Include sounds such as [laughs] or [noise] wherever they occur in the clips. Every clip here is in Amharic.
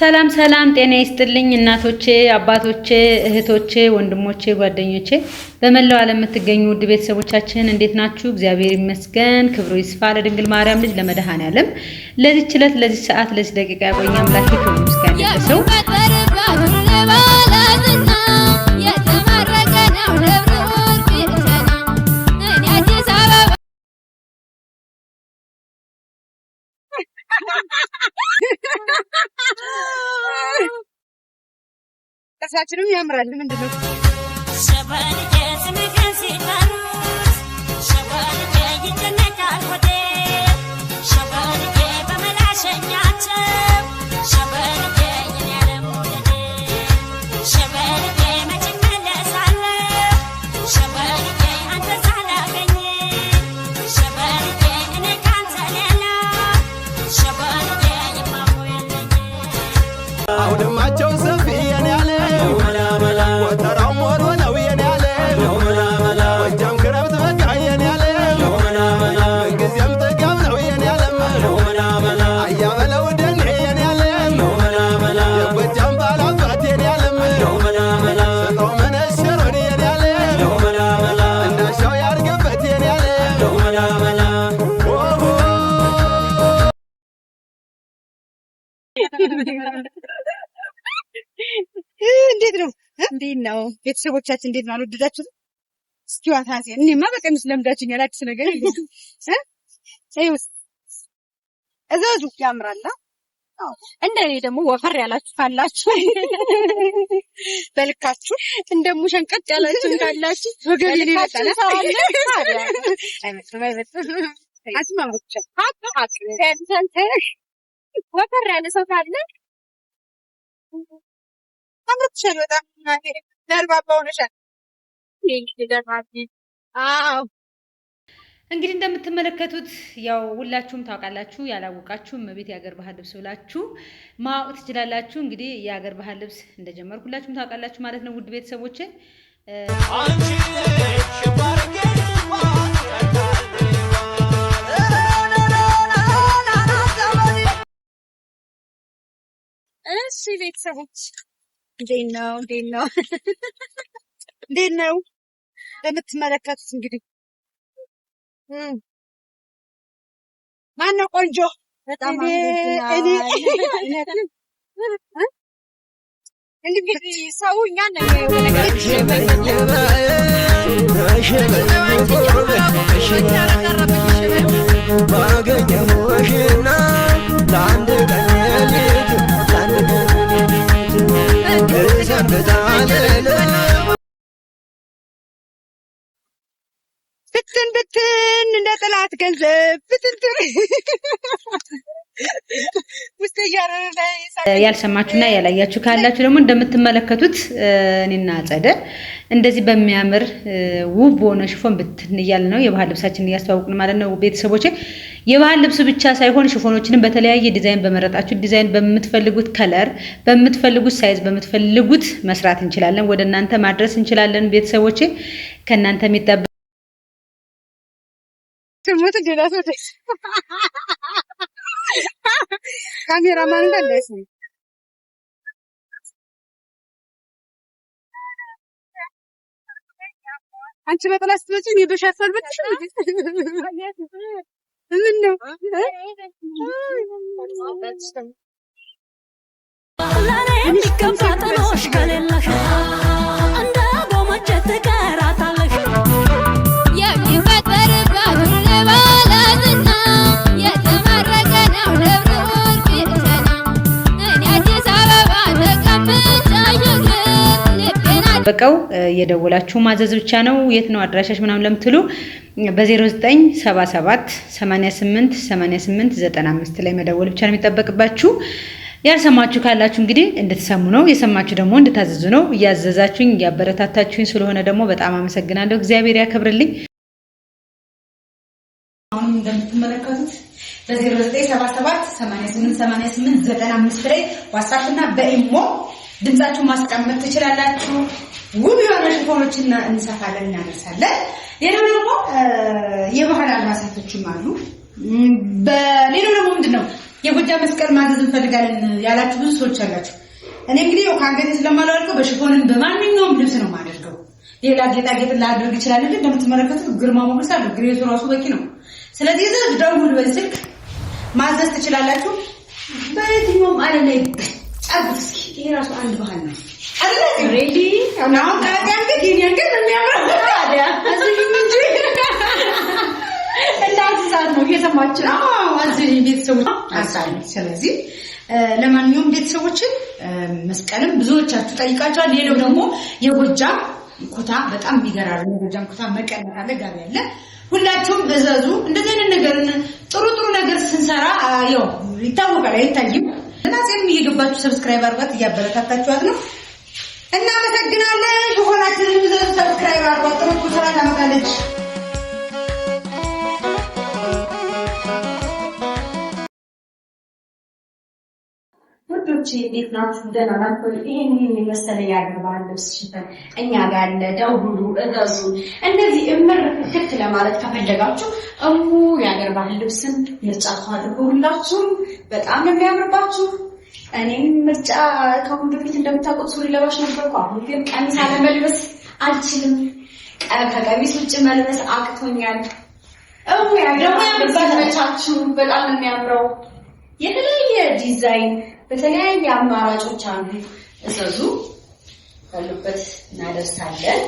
ሰላም ሰላም፣ ጤና ይስጥልኝ እናቶቼ፣ አባቶቼ፣ እህቶቼ፣ ወንድሞቼ፣ ጓደኞቼ በመላው ዓለም የምትገኙ ውድ ቤተሰቦቻችን እንዴት ናችሁ? እግዚአብሔር ይመስገን፣ ክብሩ ይስፋ ለድንግል ማርያም ልጅ ለመድኃኔ ዓለም ለዚህ ችለት ለዚህ ሰዓት ለዚህ ደቂቃ ያቆየ አምላኬ ክብሩ ምስጋና ይድረሰው። ልብሳችንም ያምራል ምንድነው እንዴት ነው ቤተሰቦቻችን? እንዴት ነው አልወደዳችሁትም? እስኪዋት ሀሴ እኔማ በቀሚስ ለምዳችኛል። አዲስ ነገር እዛዙ ያምራላ። እንደ እኔ ደግሞ ወፈር ያላችሁ ካላችሁ በልካችሁ፣ እንደ ሸንቀጥ ያላችሁ ካላችሁ ወገብ ይመጣል። አስማማቻ ሀቅ ሀቅ ወፈር ያለ ሰው ካለ አምርትሻል። በጣም ደርባባ ሆነሻል። አዎ። እንግዲህ እንደምትመለከቱት ያው ሁላችሁም ታውቃላችሁ። ያላወቃችሁ እመቤት የሀገር ባህል ልብስ ብላችሁ ማወቅ ትችላላችሁ። እንግዲህ የሀገር ባህል ልብስ እንደጀመርኩ ሁላችሁም ታውቃላችሁ ማለት ነው። ውድ ቤተሰቦችን እሺ ቤተሰቦች እንዴት ነው? እንዴት ነው? እንዴት ነው? እንደምትመለከቱት እንግዲህ ማነው ቆንጆ? እንግዲህ ሰው እኛን ነው ብትን ብትን እንደ ጥላት ገንዘብ ብትንትን ያልሰማችሁና ያላያችሁ ካላችሁ ደግሞ እንደምትመለከቱት እኔና ጸደ እንደዚህ በሚያምር ውብ በሆነ ሽፎን ብትን እያለ ነው የባህል ልብሳችንን እያስተዋውቅን ማለት ነው። ቤተሰቦች የባህል ልብሱ ብቻ ሳይሆን ሽፎኖችንም በተለያየ ዲዛይን በመረጣችሁ ዲዛይን፣ በምትፈልጉት ከለር፣ በምትፈልጉት ሳይዝ፣ በምትፈልጉት መስራት እንችላለን። ወደ እናንተ ማድረስ እንችላለን። ቤተሰቦች ከእናንተ የሚጠበቅ ካሜራማን ጋር እንዳይሰማ አንቺ በጥላ ስትመጪ እኔ በሻፈር ብትሽ ምን ነው? እኔ ከሌለሽ በቀው እየደወላችሁ ማዘዝ ብቻ ነው። የት ነው አድራሻሽ ምናምን ለምትሉ በ0977 88 88 95 ላይ መደወል ብቻ ነው የሚጠበቅባችሁ። ያልሰማችሁ ካላችሁ እንግዲህ እንድትሰሙ ነው፣ የሰማችሁ ደግሞ እንድታዘዙ ነው። እያዘዛችሁኝ እያበረታታችሁኝ ስለሆነ ደግሞ በጣም አመሰግናለሁ። እግዚአብሔር ያከብርልኝ። አሁን እንደምትመለከቱት በ0977 88 88 95 ላይ ዋትሳፕ እና በኢሞ ድምፃችሁን ማስቀመጥ ትችላላችሁ። ውብ የሆነ ሽፎኖችን እንሰፋለን፣ እናደርሳለን። ሌላው ደግሞ የባህል አልባሳቶችም አሉ። በሌላው ደግሞ ምንድን ነው የጎጃ መስቀል ማዘዝ እንፈልጋለን ያላችሁ ብዙ ሰዎች አላችሁ። እኔ እንግዲህ ከአንገቴ ስለማላወልቀው በሽፎንን በማንኛውም ልብስ ነው የማደርገው። ሌላ ጌጣጌጥ ላደርግ ይችላል ግን እንደምትመለከቱት ግርማ ሞገስ አለ። ግሬቱ ራሱ በቂ ነው። ስለዚህ ዘ ደውል በስልክ ማዘዝ ትችላላችሁ። በየትኛውም ዓለም ላይ ጫጉት። ይሄ ራሱ አንድ ባህል ነው። ስለዚህ ለማንኛውም ቤተሰቦችን መስቀልም ብዙዎቻችሁ ጠይቃቸዋል። ሌላው ደግሞ የጎጃም ኩታ በጣም የሚገራርም የጎጃም ኩታ መቀነት አለ፣ ጋቢ አለ። ሁላችሁም እዘዙ። እንደዚህ አይነት ነገር ጥሩ ጥሩ ነገር ስንሰራ ያው ይታወቃል፣ አይታይም እና ጽም እየገባችሁ ሰብስክራይብ አርጓት እያበረታታችኋት ነው። እናመሰግናለን። ሾሆናችን ሰብስክራይብ አርጓጥሩ ስራ ታመጣለች። ወንዶች እንዴት ናችሁ? ደህና ናችሁ? ይሄን ይሄን የመሰለ ያገባ ልብስ ሽፈን እኛ ጋር አለ። ደውሉ፣ እዘዙ። እንደዚህ እምር ክትክ ለማለት ከፈለጋችሁ እሙ ያገር ባህል ልብስን ምርጫችሁ አድርጉ። ሁላችሁም በጣም የሚያምርባችሁ እኔም ምርጫ ከሁን በፊት እንደምታውቁት ሱሪ ለባሽ ነበርኩ። አሁን ግን ቀሚስ አለመልበስ አልችልም። ከቀሚስ ውጭ መልበስ አቅቶኛል። ደግሞ ያምርባታችሁ በጣም የሚያምረው የተለያየ ዲዛይን በተለያየ አማራጮች አሉ። እዘዙ፣ ያሉበት እናደርሳለን።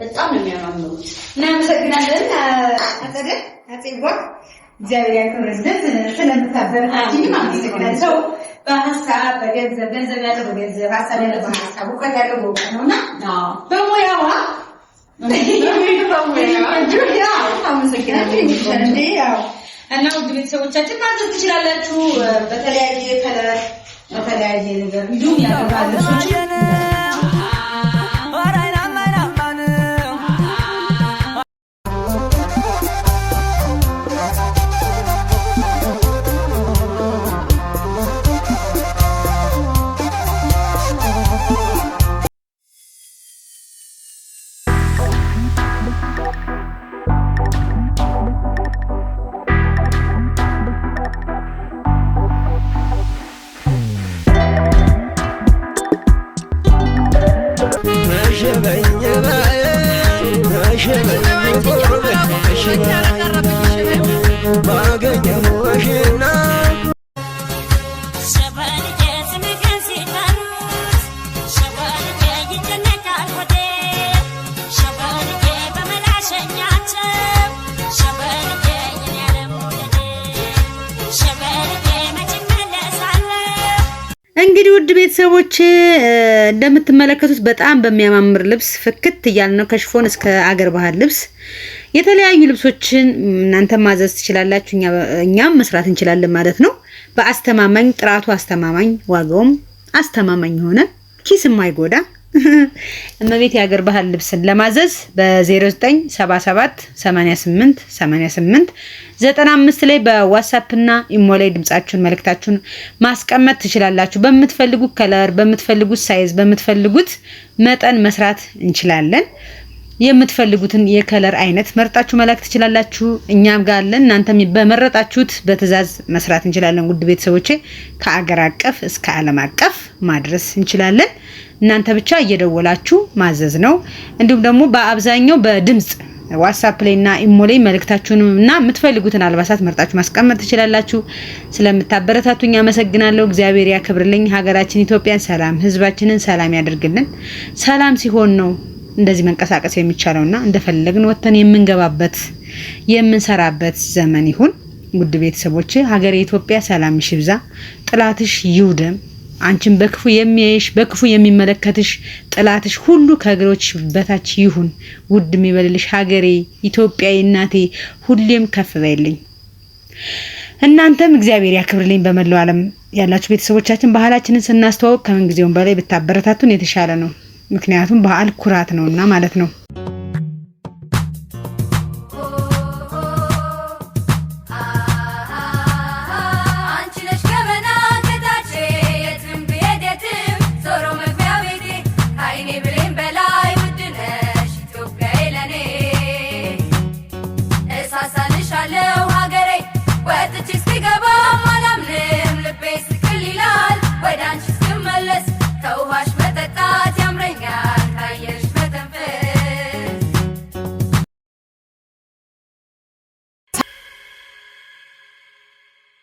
በጣም ነው የሚያማምሩት እናመሰግናለን። አመሰግናለን አጼ እግዚአብሔር ያክብርሽ። ደስ ስለምታበረታችኝም አመሰግናለሁ። ሰው በሀሳብ በገንዘብ ገንዘብ ያለው በገንዘብ ሀሳብ ያለው በሀሳብ እውቀት ያለው በእውቀት ነው እና በሙያዋ እና ውድ ቤተሰቦቻችን ማዘዝ ትችላላችሁ። በተለያየ ከለር በተለያየ ነገር እንዲሁም ያደርጋለች ውድ ቤተሰቦች እንደምትመለከቱት በጣም በሚያማምር ልብስ ፍክት እያል ነው። ከሽፎን እስከ አገር ባህል ልብስ የተለያዩ ልብሶችን እናንተ ማዘዝ ትችላላችሁ፣ እኛም መስራት እንችላለን ማለት ነው። በአስተማማኝ ጥራቱ አስተማማኝ፣ ዋጋውም አስተማማኝ የሆነ ኪስም አይጎዳ [laughs] እመቤት የሀገር ባህል ልብስን ለማዘዝ በ0977888895 ላይ በዋትሳፕ እና ኢሞ ላይ ድምጻችሁን መልእክታችሁን ማስቀመጥ ትችላላችሁ። በምትፈልጉት ከለር፣ በምትፈልጉት ሳይዝ፣ በምትፈልጉት መጠን መስራት እንችላለን። የምትፈልጉትን የከለር አይነት መርጣችሁ መላክ ትችላላችሁ። እኛም ጋር አለን። እናንተም በመረጣችሁት በትዕዛዝ መስራት እንችላለን። ውድ ቤተሰቦቼ ከአገር አቀፍ እስከ ዓለም አቀፍ ማድረስ እንችላለን። እናንተ ብቻ እየደወላችሁ ማዘዝ ነው። እንዲሁም ደግሞ በአብዛኛው በድምጽ ዋትሳፕ ላይ እና ኢሞ ላይ መልእክታችሁን እና የምትፈልጉትን አልባሳት መርጣችሁ ማስቀመጥ ትችላላችሁ። ስለምታበረታቱኝ አመሰግናለሁ። እግዚአብሔር ያክብርልኝ። ሀገራችን ኢትዮጵያን ሰላም፣ ህዝባችንን ሰላም ያደርግልን። ሰላም ሲሆን ነው እንደዚህ መንቀሳቀስ የሚቻለውና እንደፈለግን ወጥተን የምንገባበት የምንሰራበት ዘመን ይሁን። ውድ ቤተሰቦች ሀገር የኢትዮጵያ ሰላም ይብዛ፣ ጥላትሽ ይውደም። አንቺን በክፉ የሚያይሽ በክፉ የሚመለከትሽ ጥላትሽ ሁሉ ከእግሮች በታች ይሁን። ውድ የሚበልልሽ ሀገሬ ኢትዮጵያዊ እናቴ ሁሌም ከፍ በይልኝ። እናንተም እግዚአብሔር ያክብርልኝ። በመላው ዓለም ያላችሁ ቤተሰቦቻችን ባህላችንን ስናስተዋወቅ ከምንጊዜውም በላይ ብታበረታቱን የተሻለ ነው። ምክንያቱም በዓል ኩራት ነውና ማለት ነው።